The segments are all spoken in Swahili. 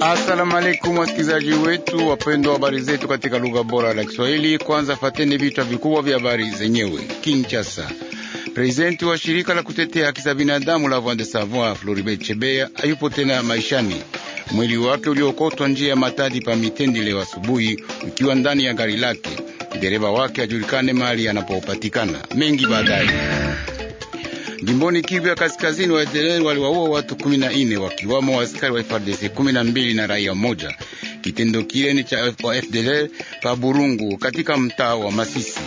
Asalamu alaykum wasikilizaji wetu wapendwa, habari zetu katika lugha bora la Kiswahili. Kwanza fateni vichwa vikubwa vya habari zenyewe. Kinshasa Prezidenti wa shirika la kutetea haki za binadamu la Voix des floribe Floribert Chebeya ayupo tena maishani. Mwili wake uliokotwa njia ya Matadi pa Mitendi leo asubuhi ukiwa ndani ya gari lake. Dereva wake ajulikane mahali anapopatikana. Mengi baadaye. Jimboni Kivu ya Kaskazini, waeteleli waliwaua watu 14 wakiwamo askari wa FARDC 12 na raia mmoja. Kitendo kile ni cha FDL pa Burungu katika mtaa wa Masisi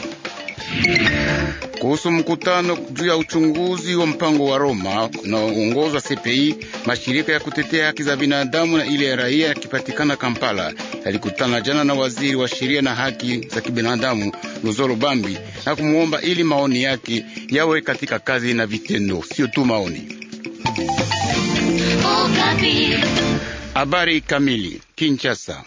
kuhusu mkutano juu ya uchunguzi wa mpango wa Roma unaoongozwa CPI. Mashirika ya kutetea haki za binadamu na ile ya raia yakipatikana Kampala yalikutana jana na waziri wa sheria na haki za kibinadamu Luzolo Bambi na kumwomba ili maoni yake yawe katika kazi na vitendo, sio tu maoni. Habari kamili. Kinshasa,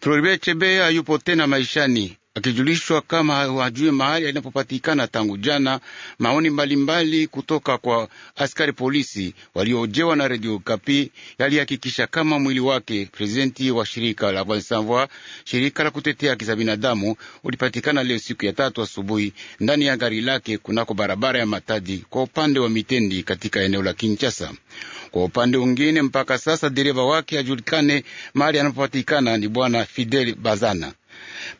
Floribe Chebea yupo tena maishani akijulishwa kama hawajue mahali yanapopatikana tangu jana. Maoni mbalimbali mbali kutoka kwa askari polisi waliojewa na redio Kapi yalihakikisha kama mwili wake prezidenti wa shirika la Vansanvoi, shirika la kutetea haki za binadamu, ulipatikana leo siku ya tatu asubuhi ndani ya gari lake kunako barabara ya Matadi kwa upande wa Mitendi katika eneo la Kinshasa. Kwa upande mwingine, mpaka sasa dereva wake ajulikane mahali anapopatikana ni bwana Fidel Bazana.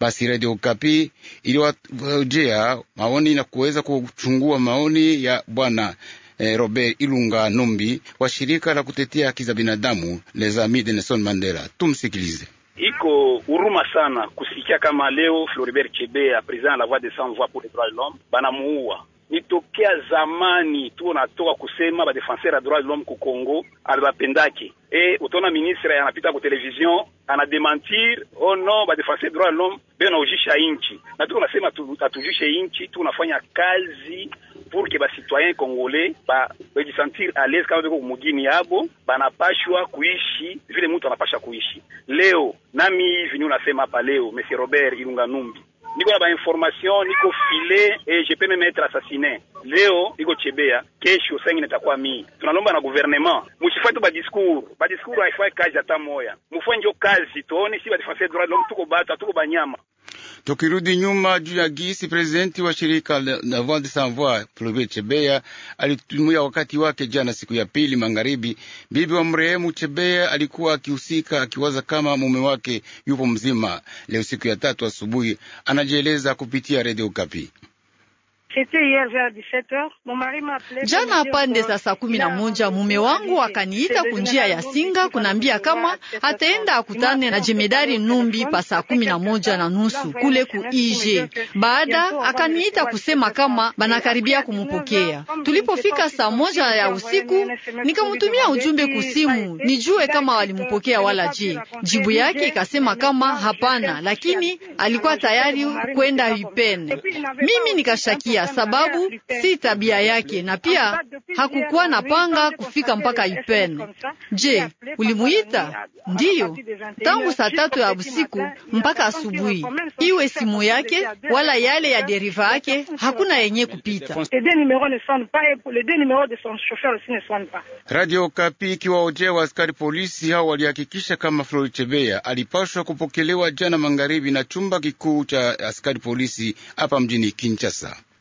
Basi Radio Okapi iliwaojea maoni na kuweza kuchungua maoni ya bwana eh, Robert Ilunga Numbi wa shirika la kutetea haki za binadamu Les Amis de Nelson Mandela. Tumsikilize. Iko huruma sana kusikia kama leo Floribert Chebea, eh, president la voix des sans voix pour les droits de l'homme, banamuua ni tokea zamani tu natoka kusema ba defenseur ya droit de l'homme ku Congo abapendake e, utaona ministre anapita ku television anadementir oh non, ba defenseur droit de l'homme beo naujisha inchi na tuko nasema hatujishe inchi tu, nafanya kazi pour que ba citoyen congolais ba sentir à l'aise kama beko mugini yabo banapashwa kuishi vile mtu anapasha kuishi. Leo nami hivi ni unasema hapa leo Monsieur Robert Ilunga Numbi niko na bainformation niko file e je peux même être assassiné. Leo niko chebea, kesho saa ingine itakuwa mimi. Tunalomba na gouvernement musifuate ba discours, ba discours haifai kazi hata moya, mufanye njo kazi, tuone si ba defenseur droit de tuko batu, tuko banyama. Tukirudi nyuma juu ya gisi, prezidenti wa shirika la Voix des Sans Voix Flove Chebea alitumia wakati wake jana, siku ya pili magharibi. Bibi wa mrehemu Chebea alikuwa akihusika akiwaza kama mume wake yupo mzima. Leo siku ya tatu asubuhi, anajieleza kupitia redio Kapi. Jana pande za saa kumi na moja mume wangu akaniita kunjia ya Singa kunambia kama ataenda akutane na jemedari Numbi pa saa kumi na moja na nusu kule ku ije. Baada akaniita kusema kama banakaribia kumupokea. Tulipofika saa moja ya usiku, nikamutumia ujumbe kusimu nijue kama walimupokea wala je. Jibu yake ikasema kama hapana, lakini alikuwa tayari kwenda Ipene. Mimi nikashakia sababu si tabia yake, na pia hakukuwa na panga kufika mpaka upen Je, ulimuita? Ndiyo, tangu saa tatu ya usiku mpaka asubuhi. Iwe simu yake wala yale ya deriva yake hakuna yenye kupita. Radio Kapi ikiwaojea wa askari polisi hao walihakikisha kama Flori Chebea alipashwa kupokelewa jana magharibi na chumba kikuu cha askari polisi hapa mjini Kinshasa.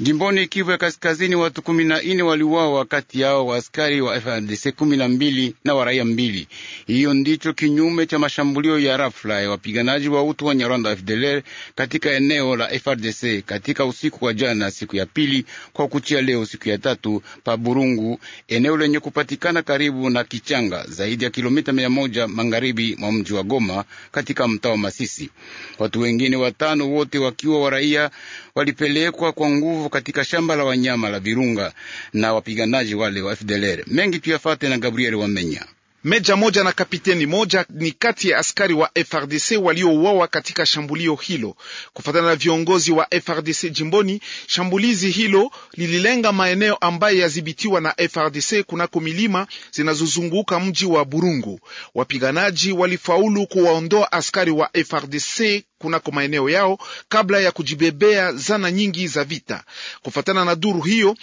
Jimboni Kivu ya Kaskazini, watu kumi na ine waliuawa, kati yao askari wa frdc kumi na mbili na waraia mbili. Hiyo ndicho kinyume cha mashambulio ya rafla ya wapiganaji wa utu wa Nyarwanda wa FDLR katika eneo la frdc katika usiku wa jana, siku ya pili kwa kuchia leo, siku ya tatu pa Burungu, eneo lenye kupatikana karibu na Kichanga, zaidi ya kilomita mia moja magharibi mwa mji wa Goma, katika mtaa wa Masisi. Watu wengine watano, wote wakiwa waraia, walipelekwa kwa nguvu nguvu katika shamba la wanyama la Virunga na wapiganaji wale wa FDLR. Mengi tuyafate na Gabriel Wamenya. Meja moja na kapiteni moja ni kati ya askari wa FRDC waliouawa katika shambulio hilo. Kufuatana na viongozi wa FRDC jimboni, shambulizi hilo lililenga maeneo ambayo yadhibitiwa na FRDC kunako milima zinazozunguka mji wa Burungu. Wapiganaji walifaulu kuwaondoa askari wa FRDC kunako maeneo yao kabla ya kujibebea zana nyingi za vita. Kufuatana na duru hiyo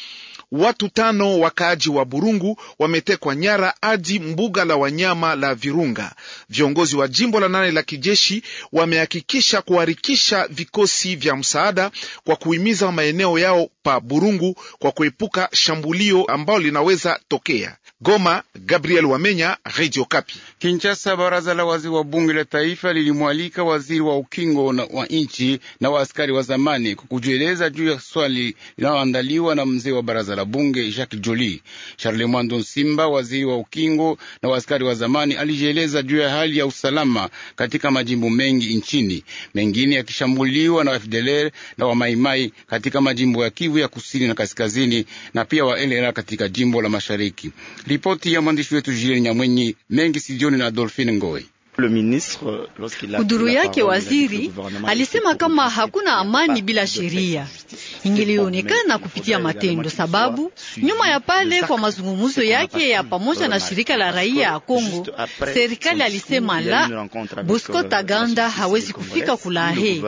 Watu tano wakaaji wa Burungu wametekwa nyara hadi mbuga la wanyama la Virunga. Viongozi wa jimbo la nane la kijeshi wamehakikisha kuharikisha vikosi vya msaada kwa kuhimiza maeneo yao pa Burungu kwa kuepuka shambulio ambalo linaweza tokea. Goma, Gabriel Wamenya, Radio Kapi. Kinshasa, baraza la waziri wa bunge la taifa lilimwalika waziri wa ukingo na wa nchi na wa askari wa zamani kwa kujieleza juu ya swali linaloandaliwa na mzee wa baraza la bunge Jacques Joly. Charlemagne Simba, waziri wa ukingo na wa askari wa zamani, alijieleza juu ya hali ya usalama katika majimbo mengi nchini, mengine yakishambuliwa na FDLR na wamaimai katika majimbo ya Kivu ya kusini na kaskazini, na pia wa LRA katika jimbo la mashariki Ripoti ya mwandishi wetu Julieni Nyamwenyi mengi sijioni na Adolfine Ngoe. Huduru yake waziri alisema kama hakuna amani bila sheria ingelionekana kupitia matendo, sababu nyuma ya pale kwa mazungumzo yake ya pamoja na shirika la raia ya Kongo, serikali alisema la Bosco Taganda euh, hawezi kufika Kulahe.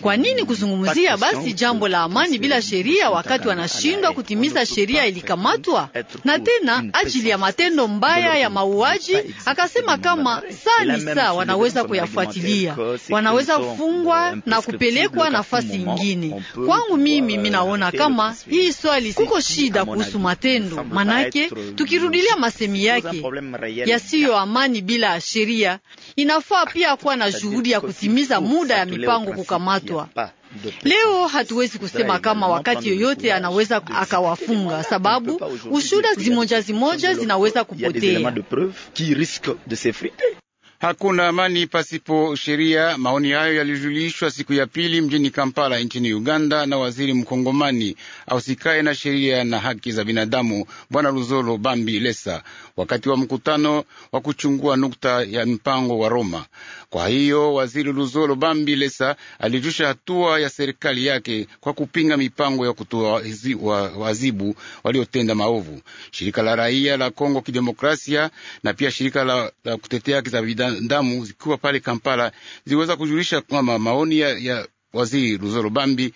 Kwa nini kuzungumzia basi jambo la amani bila sheria wakati wanashindwa kutimiza sheria ilikamatwa na tena ajili ya matendo mbaya ya mauaji? Akasema kama ni sawa, wanaweza kuyafuatilia, wanaweza kufungwa eh, na kupelekwa nafasi ingine. Kwangu mimi minaona kama hii swali kuko shida kuhusu matendo, manake tukirudilia masemi yake yasiyo amani bila sheria, inafaa pia ah, kuwa na juhudi ya kutimiza muda ya mipango kukamatwa. Leo hatuwezi kusema kama wakati yoyote anaweza akawafunga, sababu ushuda zimoja zimoja zinaweza kupotea hakuna amani pasipo sheria. Maoni hayo yalijulishwa siku ya pili mjini Kampala nchini Uganda na waziri mkongomani ausikaye na sheria na haki za binadamu Bwana Luzolo Bambi Lesa wakati wa mkutano wa kuchungua nukta ya mpango wa Roma. Kwa hiyo waziri Luzolo Bambi Lesa alijusha hatua ya serikali yake kwa kupinga mipango ya kutoa wazibu waliotenda maovu. Shirika la raia la Kongo Kidemokrasia na pia shirika la, la kutetea haki za binadamu zikiwa pale Kampala ziliweza kujulisha kwamba maoni ya, ya waziri Luzorobambi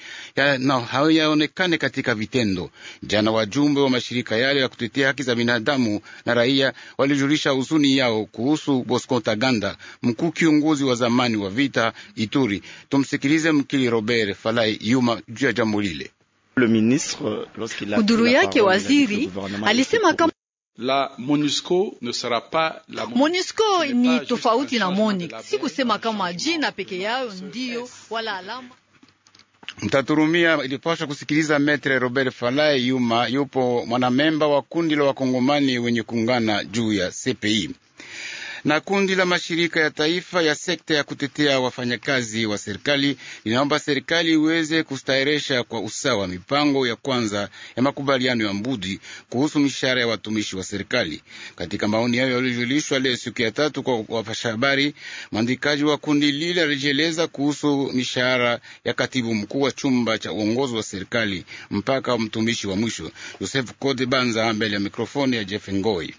na hayaonekane katika vitendo. Jana wajumbe wa mashirika yale ya kutetea haki za binadamu na raia walijulisha huzuni yao kuhusu Bosco Ntaganda, mkuu kiongozi wa zamani wa vita Ituri. Tumsikilize mkili Robert Falai Yuma juu ya jambo lile. Huduru yake waziri alisema kama la MONUSCO ne sera pas la ah, MONUSCO ni tofauti na MONIC. si kusema kama jina peke yao ndio wala alama. Mtaturumia ilipaswa kusikiliza Metre Robert Falai Yuma, yupo mwanamemba wa kundi la wakongomani wenye kuungana juu ya CPI na kundi la mashirika ya taifa ya sekta ya kutetea wafanyakazi wa serikali linaomba serikali iweze kustaheresha kwa usawa mipango ya kwanza ya makubaliano ya Mbudi kuhusu mishahara ya watumishi wa serikali. Katika maoni hayo yaliyojulishwa leo siku ya tatu kwa wapasha habari, mwandikaji wa kundi lile alijieleza kuhusu mishahara ya katibu mkuu wa chumba cha uongozi wa serikali mpaka mtumishi wa mwisho Joseph Kode Banza mbele ya mikrofoni ya Jeff Ngoi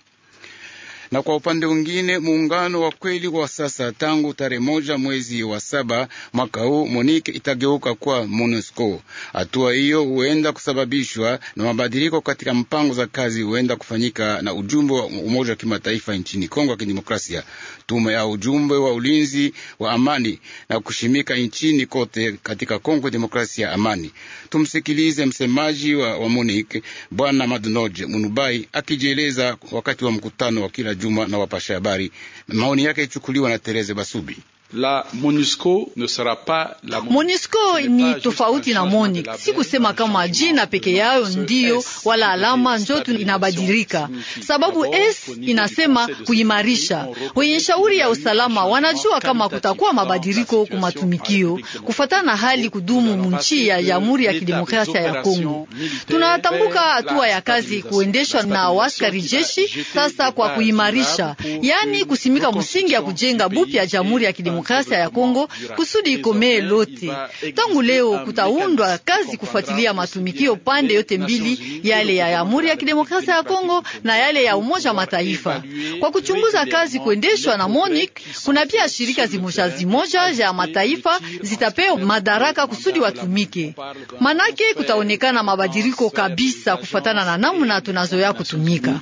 na kwa upande mwingine muungano wa kweli wa sasa tangu tarehe moja mwezi wa saba mwaka huu Monike itageuka kwa MONUSCO. Hatua hiyo huenda kusababishwa na mabadiliko katika mpango za kazi huenda kufanyika na ujumbe wa Umoja wa Kimataifa nchini Kongo ya Kidemokrasia, tume ya ujumbe wa ulinzi wa amani na kushimika nchini kote katika Kongo Demokrasia ya amani. Tumsikilize msemaji wa, wa Monike Bwana Madunoje Munubai akijieleza wakati wa mkutano wa kila Juma na wapasha habari. Maoni yake ichukuliwa na Tereze Basubi. La MONUSCO ne sera pas la MONUSCO ni tofauti na MONIC, si kusema kama jina peke yayo ndiyo wala alama njotu inabadilika, sababu S inasema kuimarisha. Wenye shauri ya usalama wanajua kama kutakuwa mabadiliko kumatumikio kufuatana na hali kudumu munchi ya Jamhuri ya Kidemokrasia ya Kongo. Tunatambuka hatua ya kazi kuendeshwa na waskari jeshi sasa kwa kuimarisha, yani kusimika msingi ya kujenga bupya Jamhuri ya Kidemokrasia Demokrasia ya Kongo kusudi ikomee lote. Tangu leo kutaundwa kazi kufuatilia matumikio pande yote mbili, yale ya Jamhuri ya Kidemokrasia ya Kongo na yale ya Umoja wa Mataifa, kwa kuchunguza kazi kuendeshwa na MONIC. Kuna pia shirika zimoja zimoja ya mataifa zitapewa madaraka kusudi watumike, manake kutaonekana mabadiliko kabisa kufuatana na namna tunazoea kutumika.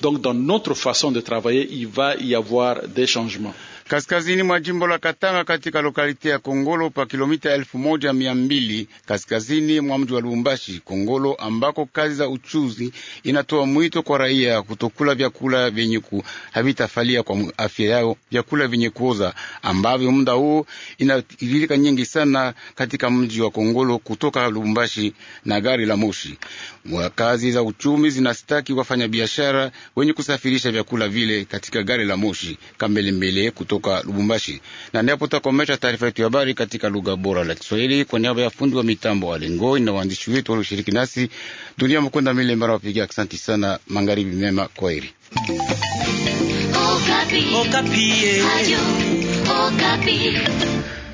Donc dans notre façon de travailler, il va y avoir des changements kaskazini mwa jimbo la Katanga katika lokalite ya Kongolo pa kilomita elfu moja mia mbili kaskazini mwa mji wa Lubumbashi, Kongolo ambako kazi za uchuzi inatoa mwito kwa raia kutokula vyakula vyenye havitafalia kwa afya yao, vyakula vyenye kuoza ambavyo muda huo inahitajika nyingi sana katika mji wa Kongolo kutoka Lubumbashi na gari la moshi. Kazi za uchumi zinastaki wafanyabiashara wenye kusafirisha vyakula vile katika gari la moshi kambelembele kutoka kutoka Lubumbashi, na ndipo tutakomesha taarifa yetu ya habari katika lugha bora la Kiswahili. Kwa niaba ya fundi wa mitambo Alengoi na waandishi wetu walioshiriki nasi, Dunia Mkunda Mile Mbara wapiga asanti sana. Magharibi mema, kwaheri. Okapi. Okapi. Eh.